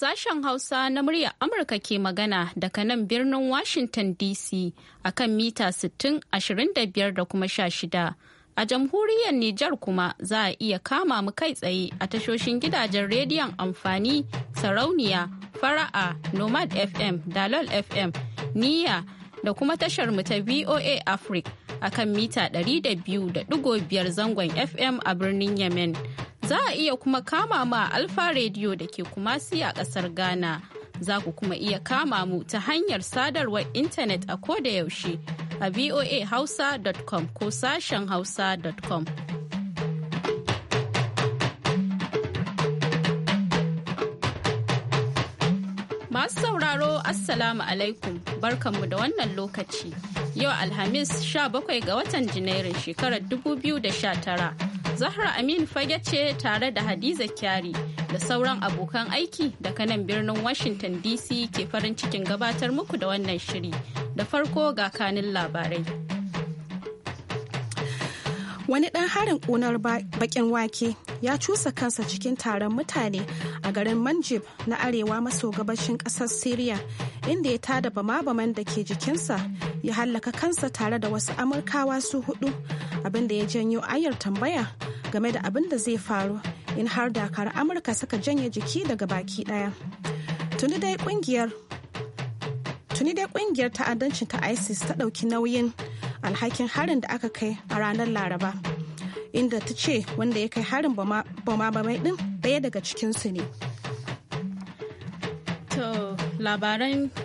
sashen Hausa na murya Amurka ke magana daga nan birnin Washington DC a kan mita sittin, ashirin da kuma sha shida, A jamhuriyar Nijar kuma za a iya kama mu kai tsaye a tashoshin gidajen rediyon amfani sarauniya fara'a nomad fm dalol fm niya da kuma tashar mu ta voa africa a kan mita 200.5 zangon fm a birnin yemen Za a iya kuma kama ma Alfa rediyo da ke kumasi a kasar Ghana. Za ku kuma iya kama mu ta hanyar sadarwar intanet a ko da yaushe a voahausa.com ko sashen hausa.com. Masu sauraro Assalamu alaikum barkanmu da wannan lokaci. Yau Alhamis 17 ga watan Janairun shekarar 2019 Zahra Aminu fage ce tare da Hadiza Kyari da sauran abokan aiki daga nan birnin Washington DC ke farin cikin gabatar muku da wannan shiri. Da farko ga kanin labarai. Wani ɗan harin ƙunar baƙin wake ya cusa kansa cikin taron mutane a garin Manjib na arewa maso gabashin ƙasar Siriya inda ya tada bama-baman da ke jikinsa ya hallaka kansa tare da wasu Amurkawa su hudu abinda ya janyo ayar tambaya game da abin da zai faru in har dakar amurka suka janye jiki daga baki daya tuni dai kungiyar ta'adancin ta isis ta ɗauki nauyin alhakin harin da aka kai a ranar laraba inda ta ce wanda ya kai harin bama bamai din ɗaya daga cikinsu ne to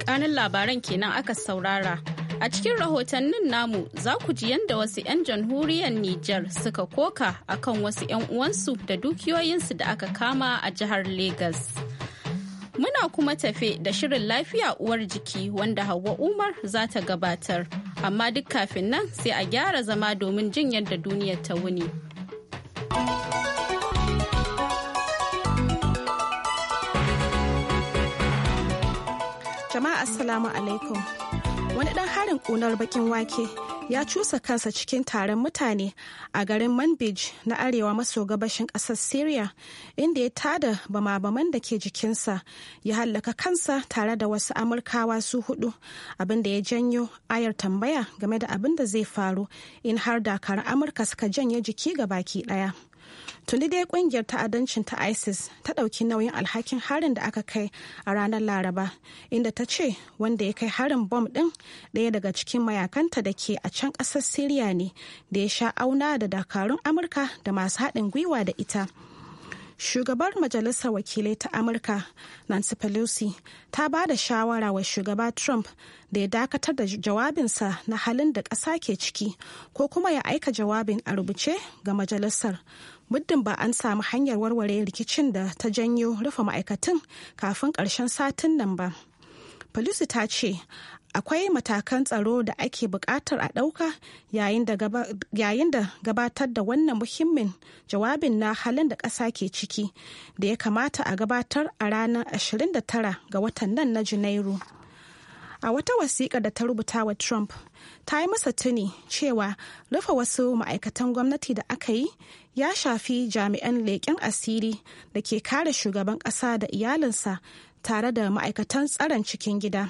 kanin labaran kenan aka saurara A cikin rahotannin namu za ku ji yadda wasu 'yan jamhuriyar Nijar suka koka a kan wasu 'yan uwansu da dukiyoyinsu da aka kama a jihar Legas. Muna kuma tafe da shirin lafiya uwar jiki wanda Hauwa Umar za ta gabatar. Amma duk kafin nan sai a gyara zama domin jin yadda duniyar ta wuni. Jama'a Assalamu alaikum. wani ɗan harin ƙunar bakin wake ya cusa kansa cikin taron mutane a garin manbij na arewa maso gabashin ƙasar syria inda ya tada bama-baman da ke jikinsa ya hallaka kansa tare da wasu amurkawa su hudu abinda ya janyo ayar tambaya game da abin da zai faru in har dakarun amurka suka janye jiki ga baki ɗaya. tuni dai kungiyar ta'addancin ta isis ta ɗauki nauyin alhakin harin da aka kai a ranar laraba inda ta ce wanda ya kai harin bom ɗin ɗaya daga cikin mayakanta da ke a can ƙasar siriya ne da ya sha auna da dakarun amurka da masu haɗin gwiwa da ita shugabar majalisar wakilai ta amurka nancy pelosi ta ba da shawara wa shugaba trump da ya dakatar da jawabinsa na halin da ƙasa ke ciki ko kuma ya aika jawabin a rubuce ga majalisar muddin ba an samu hanyar warware rikicin da ta janyo rufe ma'aikatan kafin ƙarshen satin nan ba. Falisu ta ce akwai matakan tsaro da ake buƙatar a ɗauka yayin da gabatar da wannan muhimmin jawabin na halin da ƙasa ke ciki da ya kamata a gabatar a ranar 29 ga watan nan na Janairu. a wata wasiƙa da ta rubuta wa trump ta yi masa tuni cewa rufe wasu ma'aikatan gwamnati da aka yi ya shafi jami'an leƙen asiri da ke kare shugaban ƙasa da iyalinsa tare da ma'aikatan tsaron cikin gida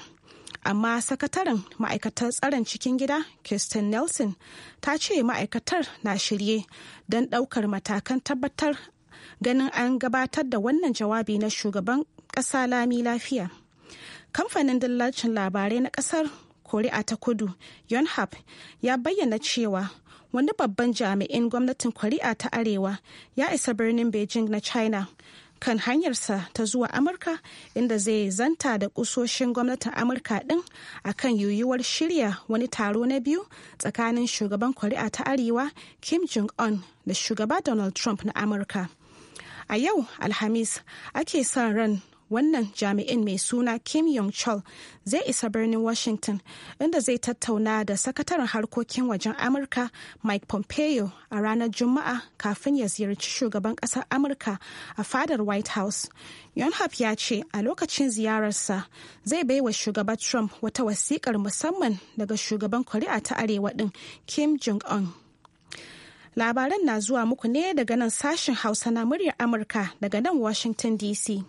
amma sakataren ma'aikatar tsaron cikin gida kirsten nelson ta ce ma'aikatar na shirye don ɗaukar matakan tabbatar ganin an gabatar da wannan jawabi na shugaban ƙasa lami lafiya kamfanin dillacin labarai na kasar kori'a ta kudu yonhap ya bayyana cewa wani babban jami'in gwamnatin kori'a ta arewa ya isa birnin beijing na china kan hanyarsa ta zuwa amurka inda zai zanta da kusoshin gwamnatin amurka din akan yiwuwar shirya wani taro na biyu tsakanin shugaban kori'a ta arewa kim jong-un da shugaba donald trump na amurka a yau alhamis ake son ran wannan jami'in mai suna kim yong chol zai isa birnin washington inda zai tattauna da sakataren harkokin wajen amurka mike pompeo a ranar juma'a kafin ya ziyarci shugaban kasar amurka a fadar white house yonhap ya ce a lokacin ziyararsa zai baiwa shugaba trump wata wasiƙar musamman daga shugaban kori'a ta arewa din kim jong-un labaran na zuwa muku ne daga nan sashen hausa na muryar amurka daga nan washington dc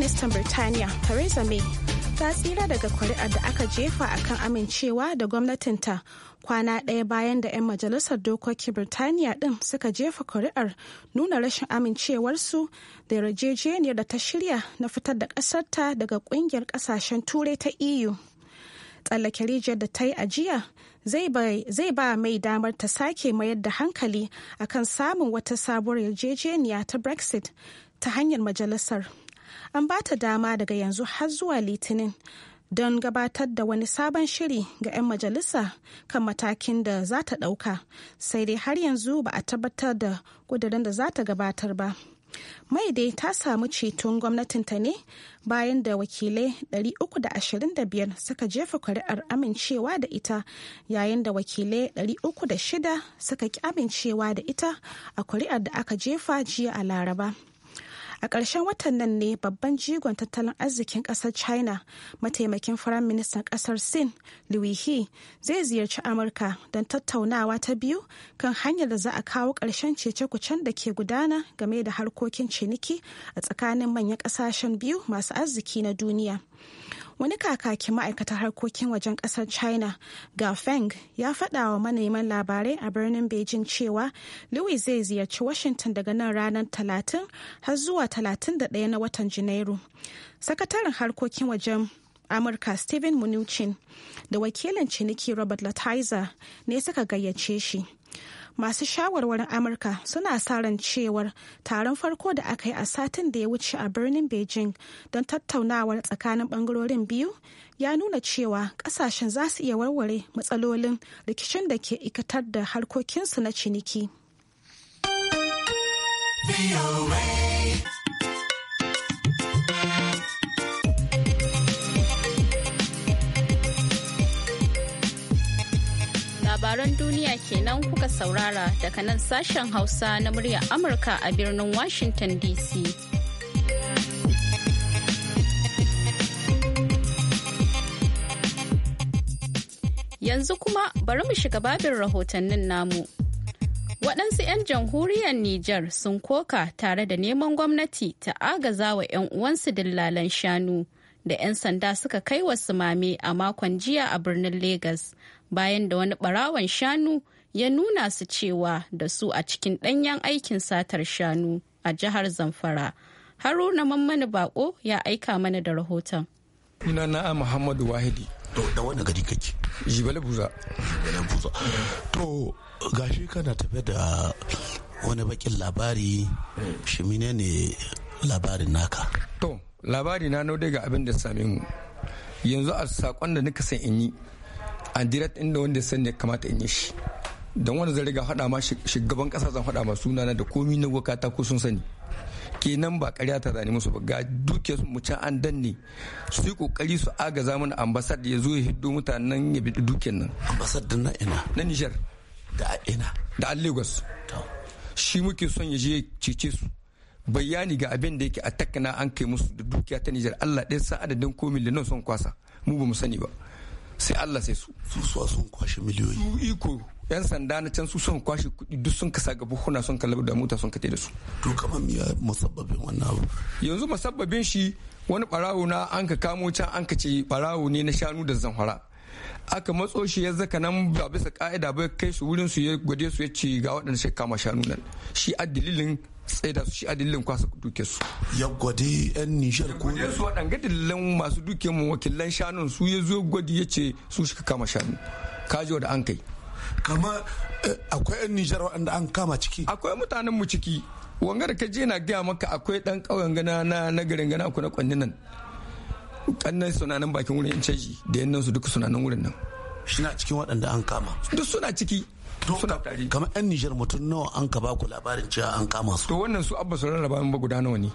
Ministan Birtaniya Theresa May ta tsira daga kuri'ar da aka jefa a kan amincewa da gwamnatinta kwana ɗaya bayan da 'yan majalisar dokokin Birtaniya ɗin suka jefa kuri'ar nuna rashin amincewarsu da yarjejeniyar da ta shirya na fitar da ƙasarta daga ƙungiyar ƙasashen turai ta EU. Tsallake rijiyar da ta yi ajiya zai ba mai damar ta sake mayar da hankali akan samun wata sabuwar yarjejeniya ta Brexit ta hanyar majalisar an ba ta dama daga yanzu har zuwa litinin don gabatar da wani sabon shiri ga 'yan majalisa kan matakin da za ta ɗauka sai dai har yanzu ba a tabbatar da kudurin da za ta gabatar ba mai dai ta samu ceton gwamnatinta ne bayan da wakilai 325 suka jefa kuri'ar amincewa da ita yayin da wakilai 306 suka ki amincewa da ita a kuri'ar da aka jefa jiya a laraba a ƙarshen watan nan ne babban jigon tattalin arzikin ƙasar china mataimakin firayim ministan ƙasar sin louis he zai ziyarci amurka don tattaunawa ta biyu kan hanyar da za a kawo ƙarshen cece-kucen da ke gudana game da harkokin ciniki a tsakanin manyan ƙasashen biyu masu arziki na duniya. wani kakakin ma'aikatar harkokin wajen kasar china ga feng ya faɗa wa manaiman labarai a birnin beijing cewa louis zai ziyarci washington daga nan ranar talatin har zuwa talatin da 31 na watan janairu sakataren harkokin wajen amurka steven mnuchin da wakilin ciniki robert latizer ne suka gayyace shi masu shawarwarin amurka suna sa ran cewar taron farko da aka yi a satin da ya wuce a birnin beijing don tattaunawar tsakanin bangarorin biyu ya nuna cewa kasashen za su iya warware matsalolin rikicin da ke ikatar da harkokinsu na ciniki. labaran duniya kenan kuka saurara daga nan sashen Hausa na murya Amurka a birnin Washington DC. Yanzu kuma bari mu shiga babin rahotannin namu. waɗansu 'yan jamhuriyar Nijar sun koka tare da neman gwamnati ta agaza wa 'yan uwansu dillalan shanu. da 'yan sanda suka kai wa sumame a makon jiya a birnin Legas bayan da wani barawan shanu ya nuna su cewa da su a cikin ɗanyen aikin satar shanu a jihar Zamfara. Haruna Mammani Bako ya aika mana da rahoton. Ina na'a Muhammadu Wahidi. To da wani gari kake? Jibale Buza. Jibale Buza. To gashi kana tafe da wani bakin labari shimine ne labarin naka. To labari na nau daga abin da same mu yanzu a sakon da nika san in yi a direct inda wanda san ya kamata in yi shi don wanda zai riga hada ma shugaban ƙasa zan hada ma sunana da komi na wakata ko sun sani kenan ba karya ta zane musu ba ga duke mu can an danne su yi kokari su agaza mana ambasad ya zo ya hiddo mutanen ya bi duken nan ambasad din na ina na Nijar. da ina da allegos shi muke son ya je cece su bayani ga abin da yake a takana an kai musu da dukiya ta Nijar Allah ɗaya sa adadin ko miliyan son kwasa mu ba mu sani ba sai Allah sai su su sun kwashe miliyoyi su iko yan sanda na can su son kwashe kuɗi duk sun kasa ga buhuna sun kalabar da mota sun kate da su to kamar miya musabbabin wannan abu yanzu musabbabin shi wani barawo na an ka kamo can an ka ce barawo ne na shanu da zanfara aka matso shi ya zaka nan ba bisa ka'ida ba kai su wurin su ya gwade su ya ce ga waɗanda suka kama shanu nan shi a dalilin tsaida su shi a dillin kwasa duke su ya gwade yan nijar ko ne su waɗanga dillan masu duke mu wakilan shanun su ya zo gwadi ya ce su shi kama shanu kaji da an kai kama eh, akwai yan nijar waɗanda an kama ciki akwai mutanen mu ciki wanga da ka je na gaya maka akwai ɗan ƙauyen gana na na garin gana ku na kwanni nan ƙannan suna nan bakin wurin caji da yannan su duka suna nan wurin nan shi na cikin waɗanda an kama duk suna ciki tari. kamar yan Nijar mutum nawa an ka ba ku labarin cewa an kama su to wannan su abba sauran labarin ba guda nawa ne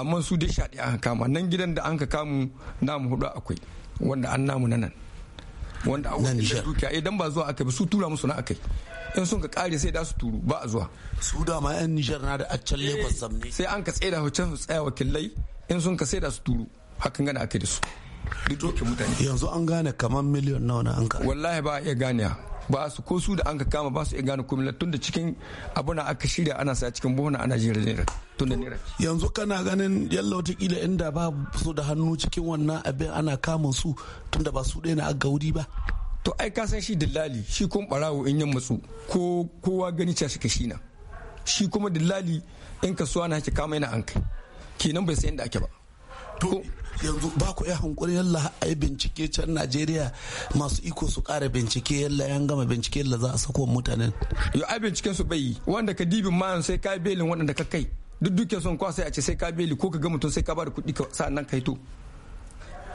amma su dai shaɗi an kama nan gidan da an ka kamu namu hudu akwai wanda an namu na nan wanda a wani dukiya idan eh, ba zuwa aka bi su tura musu na akai in sun ka kare sai da su turu ba a zuwa su da ma yan Nijar na da accan eh, Lagos zamne sai an ka tsaye da hucin su tsaya wakilai in sun ka sai da su turu hakan gana akai da su yanzu an gane kamar miliyan nawa na an ka wallahi ba a iya ganiya ba su ko su da an ka kama ba su iya gane komai tun da cikin abuna aka shirya ana sa cikin buhuna ana jira naira tun da naira yanzu kana ganin yalla watakila inda ba su da hannu cikin wannan abin ana kama su tun da ba su ɗaya na gauri ba to ai ka san shi dillali shi kun barawo in yan matsu ko kowa gani ca shi kashi na shi kuma dillali in kasuwa na ki kama yana an kai kenan bai san inda ake ba to yanzu ba ku iya hankuri yalla a yi bincike can najeriya masu iko su kara bincike yalla yan gama bincike yalla za a sako mutanen yo ai binciken su bai yi wanda ka dibin ma sai ka belin waɗanda ka kai duk dukiyar son kwasa a ce sai ka beli ko ka ga mutum sai ka ba da kuɗi sa'annan ka to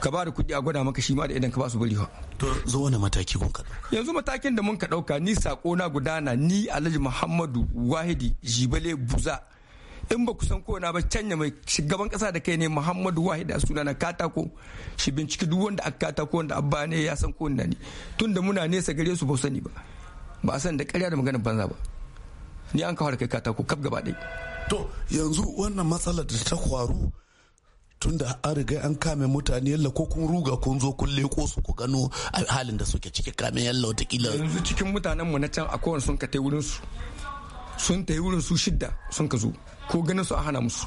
ka ba da kuɗi a gwada maka shi ma da idan ka ba su bari to zo wani mataki kun ka yanzu matakin da mun ka ɗauka ni sako na gudana ni alhaji muhammadu wahidi jibale buza in ba ku san ko na ba canya mai shugaban kasa da kai ne Muhammadu Wahid a suna na katako shi binciki duk wanda aka katako wanda abba ne ya san ko na ne tunda muna nesa gare su ba sani ba ba san da karya da magana banza ba ni an kawar kai katako kaf gaba ɗaya to yanzu wannan matsalar da ta kwaru tunda an riga an kame mutane yalla ko kun ruga kun zo kun leko su ku gano halin da suke ciki kame yalla watakila yanzu cikin mutanen mu na can a kowane sun ka tai wurin su sun tai wurin su shidda sun ka zo ko ganin su a hana musu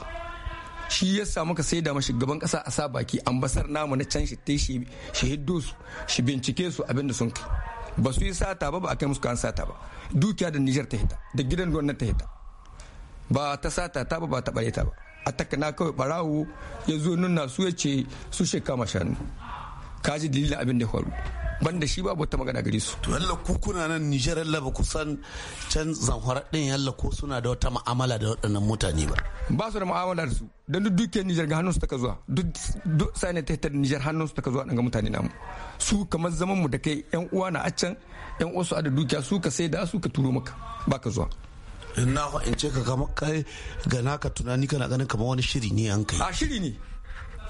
shi ya samu ka sai da mashi gaban kasa a sa baki ambasar nama na can shi tai shi hiddo su shi bincike su abinda sun kai ba su yi sata ba ba a kai musu kan sata ba dukiya da Nijar ta hita da gidan ruwan ta hita ba ta sata ta ba ba ta bare ta ba a takana kawai barawo ya zo nuna su ya ce su shekama shanu kaji dalilin abin da ya faru banda shi babu wata magana gare su to yalla ku kuna nan Niger yalla ba ku san can zamfara din yalla ko suna da wata mu'amala da waɗannan mutane ba ba su da mu'amala da su dan duk duke Niger ga hannunsu taka zuwa duk sai ne ta hitar Niger hannunsu taka zuwa daga mutane namu su kamar zaman mu da kai yan uwa na a can yan uwa su a da dukiya su ka sai da su ka turo maka ba ka zuwa in na in ce ka kai ga naka tunani kana ganin kamar wani shiri ne an kai a shiri ne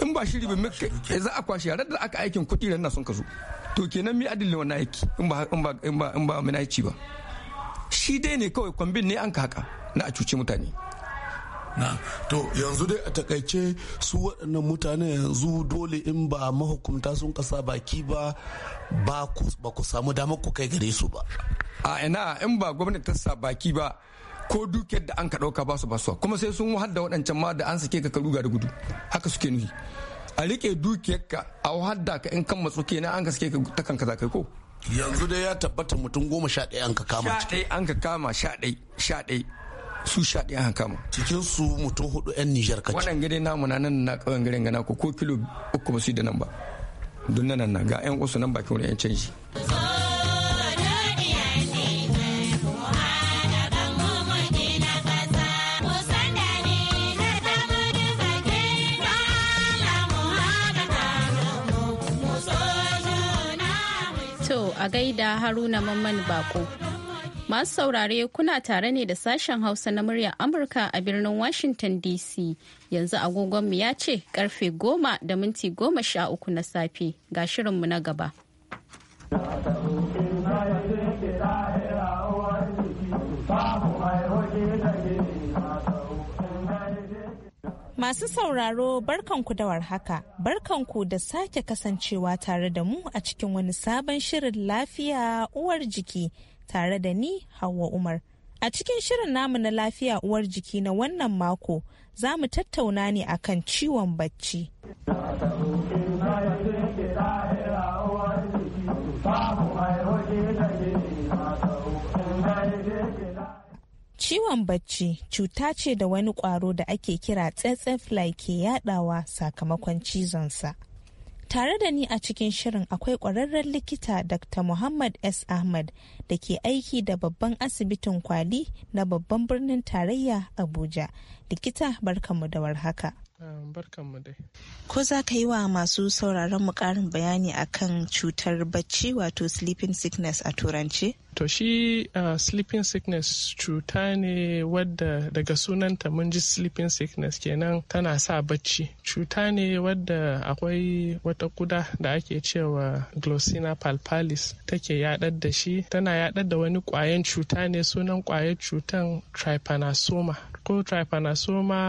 in ba shiri ba mika za a kwashe yaran da aka aikin kuɗi ran na sun kazo to kenan mi adilin wannan aiki in ba in ba in ba in ba ba shi dai ne kawai kwambin ne an ka haka na a cuci mutane na to yanzu dai a takaice su waɗannan mutane yanzu dole in ba mahukunta sun kasa baki ba ba ku samu damar ku kai gare su ba a ina in ba gwamnati ta sa baki ba ko dukiyar da an ka ɗauka ba su basuwa kuma sai sun wahar da waɗancan ma da an sake ka ka da gudu haka suke nuhi a riƙe dukiyarka a wahar da ka in kan matsu kenan an ka sake ka ta kanka zakai ko yanzu dai ya tabbata mutum goma sha ɗaya an ka kama sha ɗaya an ka kama sha ɗaya sha ɗaya su sha ɗaya an kama cikin su mutum hudu yan nijar kaci wannan gare namu na nan na ƙauyen garin gana ko kilo uku ba su yi da nan ba don nan na ga yan usu nan bakin wani yan canji. a gaida haruna mamman bako. Masu saurare kuna tare ne da sashen Hausa na muryar Amurka a birnin Washington DC. Yanzu agogonmu ya ce karfe goma da minti goma sha uku na safe ga shirinmu na gaba. Masu sauraro barkanku da warhaka, barkanku da sake kasancewa tare da mu a cikin wani sabon shirin lafiya uwar jiki tare da ni Hauwa Umar. A cikin shirin namu na lafiya uwar jiki na wannan mako za mu tattauna ne akan ciwon bacci. Ciwon bacci cuta ce da wani kwaro da ake kira tsetsefly ke yadawa sakamakon sa Tare da ni a cikin shirin akwai ƙwararren likita Dr. Muhammad S. Ahmad da ke aiki da babban asibitin kwali na babban birnin tarayya Abuja. Likita barkamu da warhaka. barkanmu dai. Ko za ka yi wa masu sauraron mu karin bayani akan cutar bacci wato sleeping sickness a turance? To shi uh, sleeping sickness cuta ne wadda daga sunanta mun ji sleeping sickness kenan tana sa bacci. Cuta ne wadda akwai wata kuda da ake cewa glossina palpalis take yaɗar da shi tana yaɗar da wani kwayan cuta ne sunan kwayan cutan trypanosoma. ko trypanosoma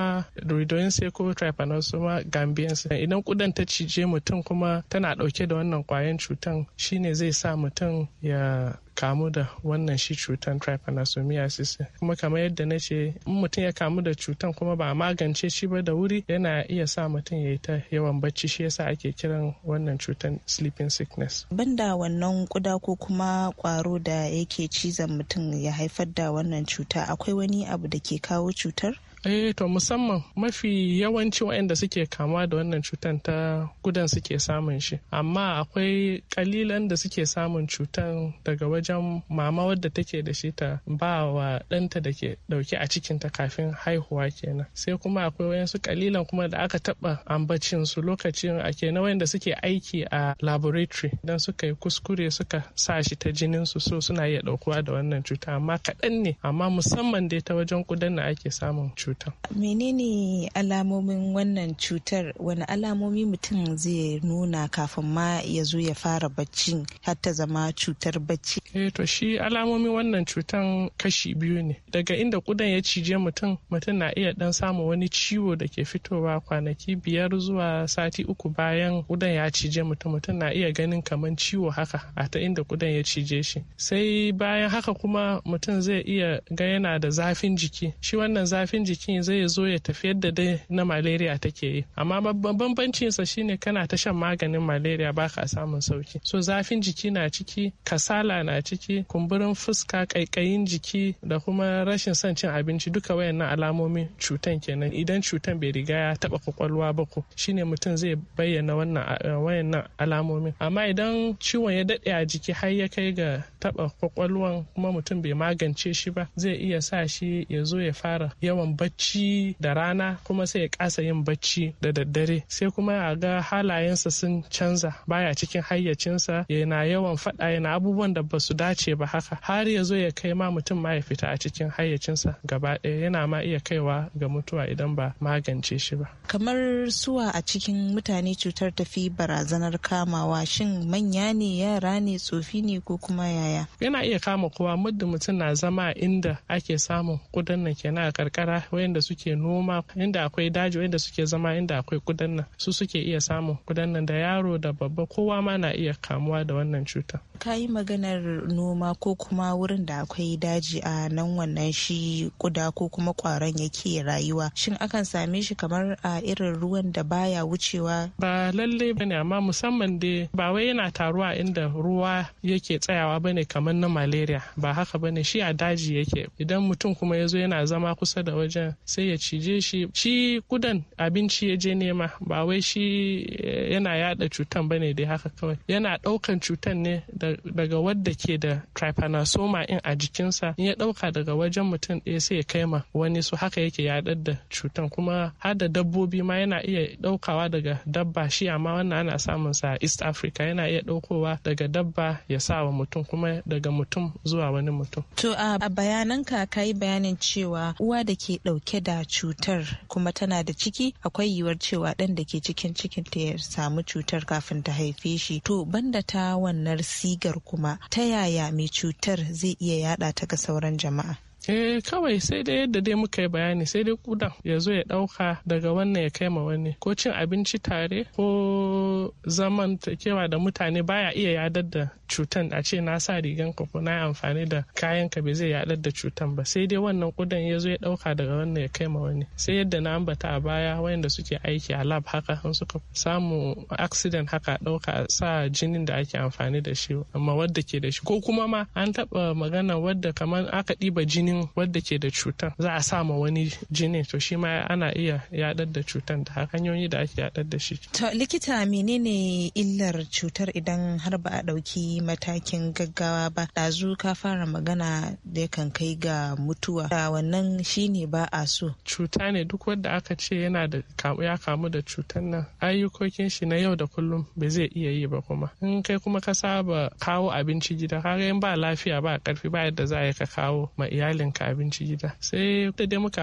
rhodoidince ko trypanosoma gambiense idan kudan ta cije mutum kuma tana dauke da wannan kwayan cutan shine zai sa mutum ya kamu da wannan shi cutan trypanosomiasis kuma kamar yadda na ce in mutum ya kamu da cutan kuma ba a magance shi ba da wuri yana iya sa mutum ya yi ta yawan bacci shi yasa ake kiran wannan cutan sleeping sickness banda wannan kuda ko kuma kwaro da yake cizon mutum ya haifar da wannan cuta akwai wani abu da ke kawo cutar Eh to musamman mafi yawanci waɗanda suke kama da wannan cutan ta gudan suke samun shi. Amma akwai kalilan da suke samun cutan daga wajen mama wadda take da shi ta ba wa ɗanta da ke ɗauke a cikinta kafin haihuwa kenan. Sai kuma akwai wayansu kalilan kuma da aka taɓa ambacin su lokacin a kenan wayanda suke aiki a laboratory dan suka yi kuskure suka sa shi ta jinin su so suna iya ɗaukuwa da wannan cuta amma kaɗan ne amma musamman dai ta wajen kudan na ake samun cuta. cutar menene alamomin wannan cutar wani alamomi mutum zai nuna kafin ma ya zo ya fara bacci har ta zama cutar bacci eh to shi alamomin wannan cutar kashi biyu ne daga inda kudan ya cije mutum mutum na iya dan samun wani ciwo da ke fitowa kwanaki biyar zuwa sati uku bayan kudan ya cije mutum mutum na iya ganin kaman ciwo haka a ta inda kudan ya cije shi sai bayan haka kuma mutum zai iya ga yana da zafin jiki shi wannan zafin jiki cikin zai zo ya tafi yadda dai na malaria take yi amma bambancin sa shine kana ta shan maganin malaria ba ka samun sauki so zafin jiki na ciki kasala na ciki kumburin fuska kaikayin jiki da kuma rashin son cin abinci duka wayannan alamomin cutan kenan idan cutan bai riga ya taba kwakwalwa ba ko shine mutum zai bayyana wannan eh, wayannan alamomin amma idan ciwon ya daɗe a jiki har ya kai ga taba kwakwalwan kuma mutum bai magance shi ba zai iya sa shi ya zo ya fara yawan bacci da rana kuma sai ya kasa yin bacci da daddare sai kuma ya ga halayensa sun canza baya cikin hayyacinsa yana yawan fada yana abubuwan da basu dace ba haka har ya zo ya kai ma mutum ma ya fita a cikin hayyacinsa gaba ɗaya yana ma iya kaiwa ga mutuwa idan ba magance shi ba kamar suwa a cikin mutane cutar tafi barazanar kamawa shin manya ne yara ne tsofi ne ko kuma yaya yana iya kama kowa muddin mutum na zama a inda ake samun kudannan nan kenan a karkara akwai yadda suke noma inda akwai daji inda suke zama inda akwai kudan su suke iya samun kudan da yaro da babba kowa ma na iya kamuwa da wannan cuta ka yi maganar noma ko kuma wurin da akwai daji a nan wannan shi kuda ko kuma kwaron yake rayuwa shin akan same shi kamar a irin ruwan da baya wucewa ba lallai bane amma musamman da ba wai yana taruwa inda ruwa yake tsayawa bane kamar na malaria ba haka bane shi a daji yake idan mutum kuma yazo yana zama kusa da wajen sai ya cije shi shi kudan abinci ya je nema ba wai shi eh, yana yada cutan ba ne dai haka kawai yana daukan cutan ne daga wadda ke da trypanosoma in a jikinsa in ya dauka daga wajen mutum ɗaya sai ya kai ma wani su haka yake yadar da cutan kuma har da dabbobi ma yana iya daukawa daga dabba shi amma wannan ana samun sa east africa yana iya daukowa daga dabba ya sa wa mutum kuma daga mutum zuwa wani mutum to a bayananka ka yi bayanin cewa uwa da ke dauke dauke da cutar kuma tana da ciki akwai yiwuwar cewa ɗan da ke cikin cikin ta ya samu cutar kafin ta haife shi to banda ta wannan sigar kuma ta yaya mai cutar zai iya yada ta ga sauran jama'a eh kawai sai dai yadda dai muka yi bayani sai dai kudan ya zo ya dauka daga wannan ya kai ma wani ko cin abinci tare ko zaman kewa da mutane baya iya yadar da cutan a ce na sa rigan ka ko na amfani da kayan ka zai yadar da cutan ba sai dai wannan kudan ya zo ya dauka daga wannan ya kai ma wani sai yadda na ambata a baya wayanda suke aiki a lab haka sun suka samu accident haka dauka sa jinin da ake amfani da shi amma wadda ke da shi ko kuma ma an taba magana wadda kamar aka ɗiba jinin jinin wadda ke da cutar za a sama wani jini to shi ma ana iya yaɗar da cutar da hanyoyi da ake yaɗar da shi. To likita menene illar cutar idan har ba a ɗauki matakin gaggawa ba ɗazu ka fara magana da kan kai ga mutuwa da wannan ne ba a so. Cuta ne duk wadda aka ce yana da ya kamu da cutar nan ayyukokin shi na yau da kullum ba zai iya yi ba kuma in kai kuma ka saba kawo abinci gida kaga in ba lafiya ba karfi ba yadda za a yi ka kawo ma iyalin ka abinci gida sai da dai muka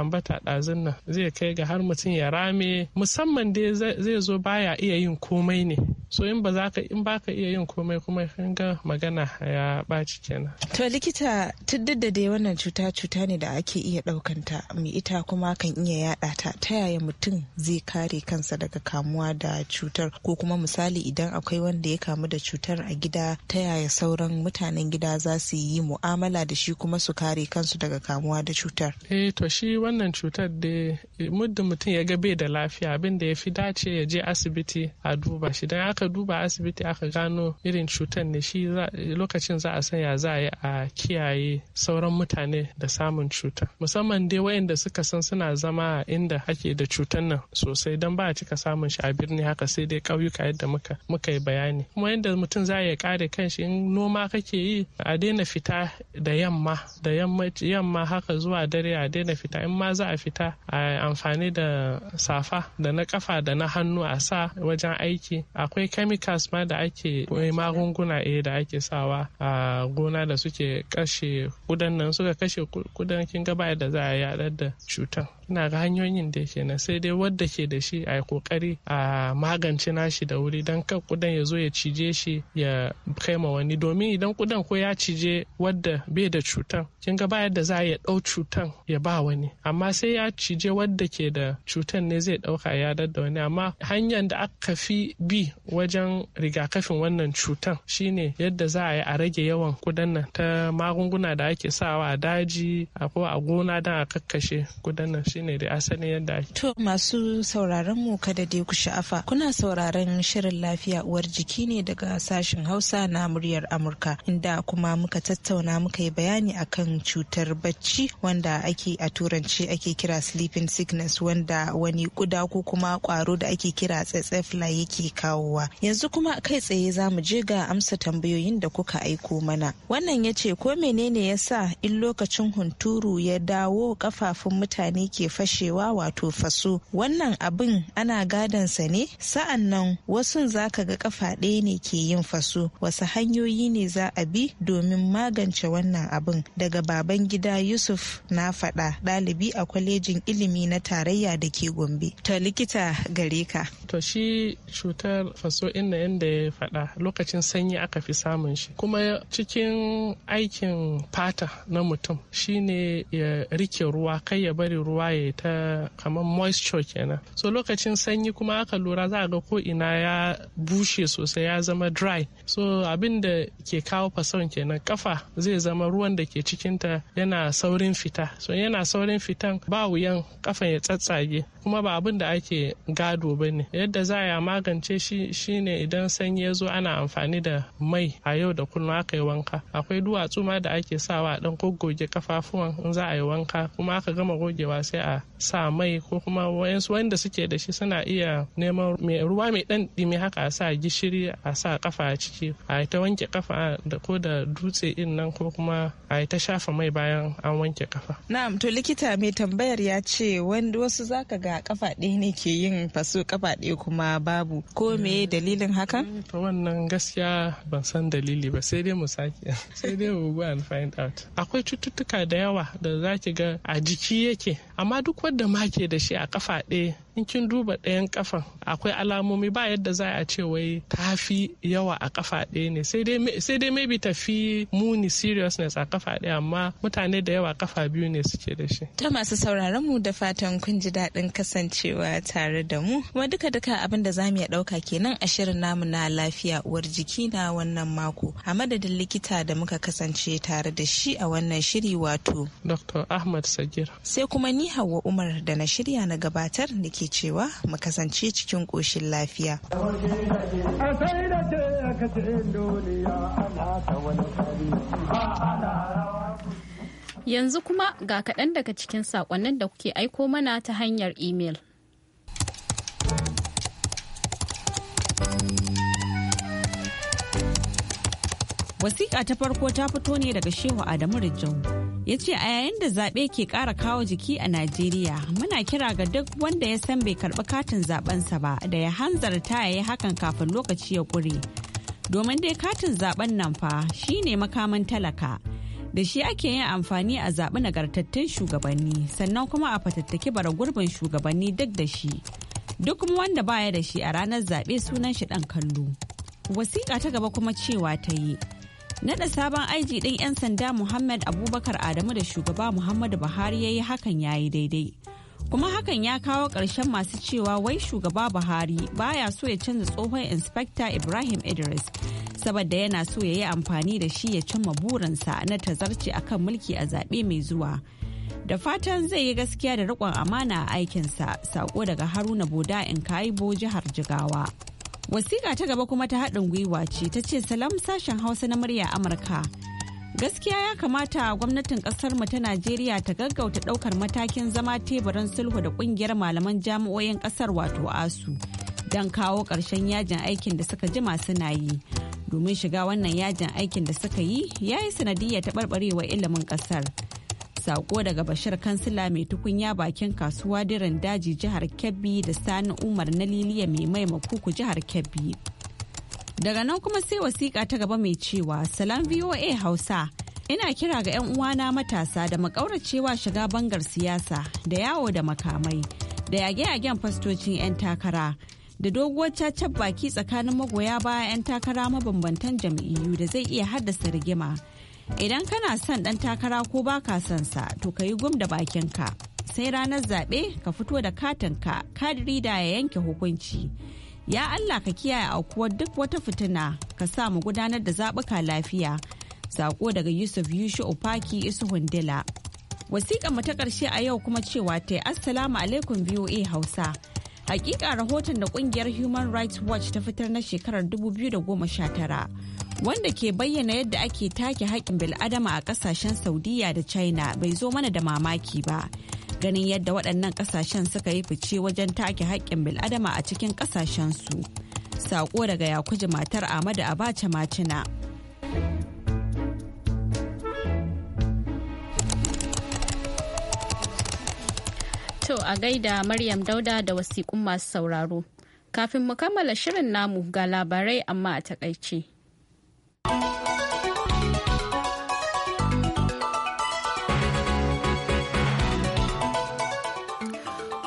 ambata ɗazun nan zai kai ga har mutum ya rame musamman dai zai zo baya iya yin komai ne so in ba ka in baka iya yin komai kuma kan ga magana ya baci kenan. To likita duk da dai wannan cuta cuta ne da ake iya ɗaukanta mai ita kuma kan iya yaɗa ta ta yaya mutum zai kare kansa daga kamuwa da cutar ko kuma misali idan akwai wanda ya kamu da cutar a gida ta yaya sauran mutanen gida za su yi mu'amala da shi kuma su kare kare kansu daga kamuwa da cutar eh to shi wannan cutar da eh, muddin mutum ya ga bai da lafiya abin da ya fi dace ya je asibiti a duba shi dan aka duba asibiti aka gano irin cutar ne shi lokacin za a san ya za a yi a kiyaye sauran mutane da samun cutar musamman dai wayanda suka san suna zama inda ake da cutar nan sosai don ba a cika samun shi a birni haka sai dai ƙauyuka yadda muka muka yi bayani kuma yadda mutum za ya kare kanshi in noma kake yi a daina fita da yamma da yamma yamma haka zuwa dare a daina fita in ma za a fita a amfani da safa da na kafa da na hannu a sa wajen aiki akwai chemicals ma da ake magunguna eh da ake sawa a gona da suke kashe kudan nan suka kashe kudan kin gaba da za a yadar da cutan. ina ga hanyoyin da yake nan sai dai wadda ke da shi a yi kokari a magance nashi da wuri don kan kudan ya zo ya cije shi ya kai ma wani domin idan kudan ko ya cije wadda bai da cutan kin ga ba yadda za ya dau cutan ya ba wani amma sai ya cije wadda ke da cutan ne zai dauka ya da wani amma hanyar da aka fi bi wajen rigakafin wannan cutan shine yadda za a yi a rage yawan kudan nan ta magunguna da ake sawa a daji ko a gona don a kakkashe kudan nan shine da yadda ake. To masu sauraron mu kada dai ku sha'afa kuna sauraron shirin lafiya uwar jiki ne daga sashen Hausa na muryar Amurka inda kuma muka tattauna muka yi bayani akan cutar bacci wanda ake a turanci ake kira sleeping sickness wanda wani kuda ko kuma kwaro da ake kira tsetsefla yake kawowa. Yanzu kuma kai tsaye za mu je ga amsa tambayoyin da kuka aiko mana. Wannan ya ce ko menene ya sa in lokacin hunturu ya dawo kafafun mutane ke ke fashewa wato faso wannan abin ana gadansa ne sa'an nan wasun zaka ga kafa ɗaya ne ke yin faso wasu hanyoyi ne za a bi domin magance wannan abin daga baban gida yusuf na faɗa ɗalibi a kwalejin ilimi na tarayya da ke gombe ta likita gare ka to shi cutar faso na yadda ya faɗa lokacin sanyi aka fi samun shi kuma cikin aikin fata na mutum shine ya rike ruwa kai ya bari ruwa yaye ta kamar moisture kenan so lokacin sanyi kuma aka lura za a ga ko ina ya bushe sosai ya zama dry so abin da ke kawo fason kenan kafa zai zama ruwan da ke cikinta yana saurin fita so yana saurin fitan ba wuyan kafan ya tsatsage kuma ba abin da ake gado ba ne yadda za a magance shi shine idan sanyi ya zo ana amfani da mai a yau da kullum aka yi wanka akwai duwatsu ma da ake sawa dan goggoge kafafuwan in za a yi wanka kuma aka gama gogewa sai a sa mai ko kuma wayansu wanda suke da shi suna iya neman ruwa mai dan dimi haka a sa gishiri a sa kafa a ciki a ta wanke kafa da ko da dutse in nan ko kuma a ta shafa mai bayan an wanke kafa na'am to likita mai tambayar ya ce wanda wasu zaka ga kafa ɗaya ne ke yin faso kafa ɗaya kuma babu ko me dalilin hakan eh, to wannan gaskiya ban san dalili ba sai dai mu sake sai dai mu go and find out akwai cututtuka da yawa da zaki ga a jiki yake amma amma duk wanda ma ke da shi a kafa ɗaya in kin duba ɗayan kafan akwai alamomi ba yadda za a ce wai ta fi yawa a kafa ɗaya ne sai dai maybe tafi muni seriousness a kafa ɗaya amma mutane da yawa kafa biyu ne suke da shi. Ta masu sauraron mu da fatan kun ji daɗin kasancewa tare da mu. Kuma duka duka abin da zamu iya ɗauka kenan a shirin namu na lafiya uwar jiki na wannan mako. A madadin likita da muka kasance tare da shi a wannan shiri wato. Dr. Ahmad Sagir. Sai kuma ni Hauwa Umar da na shirya na gabatar da ke ke cewa mu kasance cikin ƙoshin lafiya. Yanzu kuma ga kaɗan daga cikin saƙonnin da kuke aiko mana ta hanyar imel. Wasiƙa ta farko ta fito ne daga Shehu Adamu Rijau. Ya ce a yayin da zaɓe ke ƙara kawo jiki a Najeriya, muna kira ga duk wanda ya san bai karɓi katin zaɓensa ba da ya hanzarta ya yi hakan kafin lokaci ya ƙure. Domin dai katin zaɓen nan fa shi ne makaman talaka. Da shi ake yin amfani a zaɓi nagartattun shugabanni, sannan kuma a fatattaki bara gurbin shugabanni duk da shi. Duk kuma wanda baya da shi a ranar zaɓe sunan shi ɗan kallo. Wasiƙa ta gaba kuma cewa ta yi. Nada sabon aiji ɗin 'yan sanda Muhammad Abubakar Adamu da shugaba Muhammadu Buhari ya yi hakan ya yi daidai. Kuma hakan ya kawo ƙarshen masu cewa wai shugaba Buhari baya so ya canza tsohon inspekta Ibrahim Idris. saboda yana so ya yi amfani da shi ya cimma burinsa na tazarci kan mulki a zaɓe mai zuwa. Da fatan zai yi gaskiya da riƙon amana a aikinsa, sako daga Haruna Boda in Kaibo jihar Jigawa. Wasiƙa ta gaba kuma ta haɗin gwiwa ce ta ce salam sashen Hausa na murya Amurka. Gaskiya ya kamata gwamnatin ƙasar mu ta Najeriya ta gaggauta ɗaukar matakin zama teburin sulhu da ƙungiyar malaman jami'o'in ƙasar wato ASU don kawo ƙarshen yajin aikin da suka jima suna yi. Domin shiga wannan yajin aikin da suka yi ya yi sanadiyya taɓarɓarewa ilimin ƙasar. sako daga bashir kansila mai tukunya bakin kasuwa diran daji jihar kebbi da sani umar na liliya mai mai ku jihar kebbi daga nan kuma sai wasiƙa ta gaba mai cewa salam voa hausa ina kira ga 'yan uwana matasa da makauracewa shiga bangar siyasa da yawo da makamai da yage-yagen fastocin 'yan takara da doguwar cacar baki tsakanin magoya baya 'yan takara mabambantan jam'iyyu da zai iya haddasa rigima. Idan kana son ɗan takara ko baka son sa to ka yi gum da bakinka. Sai ranar zaɓe ka fito da katinka kadiri da ya yanke hukunci. Ya Allah ka kiyaye aukuwar duk wata fitina ka sa mu gudanar da zaɓuka lafiya. Sako daga Yusuf Yushu Opaki Isu Hundila. Wasiƙa mu ta ƙarshe a yau kuma cewa ta Assalamu alaikum VOA Hausa. Hakika rahoton da ƙungiyar Human Rights Watch ta fitar na shekarar 2019 wanda ke bayyana yadda ake take haƙƙin bil'adama a ƙasashen saudiya da china bai zo mana da mamaki ba ganin yadda waɗannan ƙasashen suka yi fice wajen take haƙƙin bil'adama a cikin ƙasashensu saƙo daga yakuji matar amadu abacha macina to a gaida maryam dauda da wasiƙun masu sauraro kafin mu kammala shirin namu ga labarai amma a taƙaice.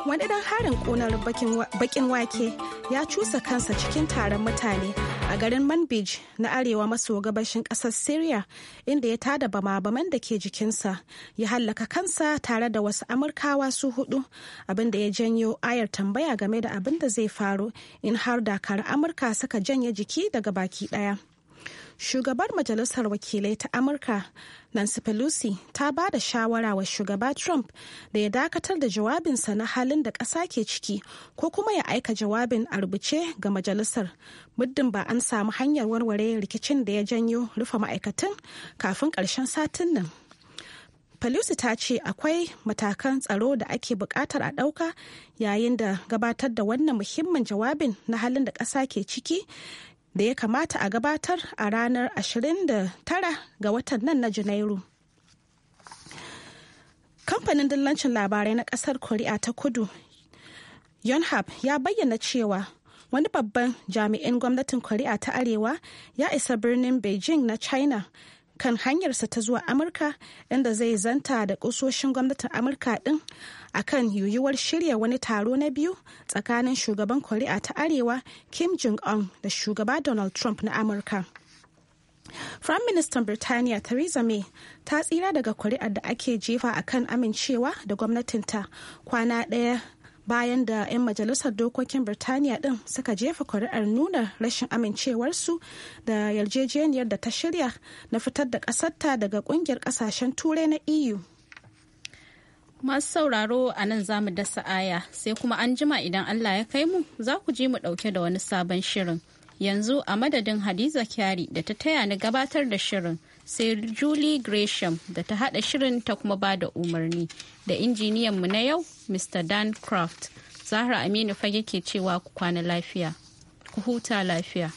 wani dan harin ƙunar bakin wake ya cusa kansa cikin taron mutane a garin manbij na arewa maso gabashin ƙasar syria inda ya tada bama-baman da ke jikinsa ya hallaka kansa tare da wasu amurkawa su hudu abinda ya janyo ayar tambaya game da abin da zai faru in har dakar amurka suka janye jiki daga baki ɗaya. shugabar majalisar wakilai ta amurka nancy pelosi ta ba da shawara wa shugaba trump da ya dakatar da jawabinsa na halin da ƙasa ke ciki ko kuma ya aika jawabin a rubuce ga majalisar muddin ba an samu hanyar warware rikicin da ya janyo rufe ma'aikatan kafin ƙarshen satin nan Pelosi ta ce akwai matakan tsaro da ake buƙatar a ɗauka yayin da gabatar da wannan muhimmin jawabin na halin da ƙasa ke ciki da ya kamata a gabatar a ranar 29 ga watan nan na Janairu. Kamfanin dillancin labarai na kasar Koriya ta Kudu, Yonhap ya bayyana cewa wani babban jami'in gwamnatin Koriya ta Arewa ya isa birnin Beijing na China kan hanyarsa ta zuwa amurka inda zai zanta da kusoshin gwamnatin amurka din kan yiwuwar shirya wani taro na biyu tsakanin shugaban kori'a ta arewa kim jong-un da shugaba donald trump na amurka Prime Minister Birtaniya Theresa May ta tsira daga kuri'ar da ake jefa akan amincewa da gwamnatinta kwana ɗaya bayan da 'yan majalisar dokokin birtaniya din suka jefa kuri'ar nuna rashin amincewarsu da yarjejeniyar da ta shirya na fitar da kasarta daga kungiyar kasashen turai na eu masu sauraro a nan za mu dasa aya sai kuma an jima idan allah ya kai mu za ku ji mu ɗauke da wani sabon shirin yanzu a madadin hadiza kyari da ta taya ni gabatar da shirin sai julie gresham da ta hada shirin ta kuma ba da umarni da injiniyanmu na yau Mr. Dan croft Zahra Aminu fage ke cewa ku kwana lafiya, ku huta lafiya.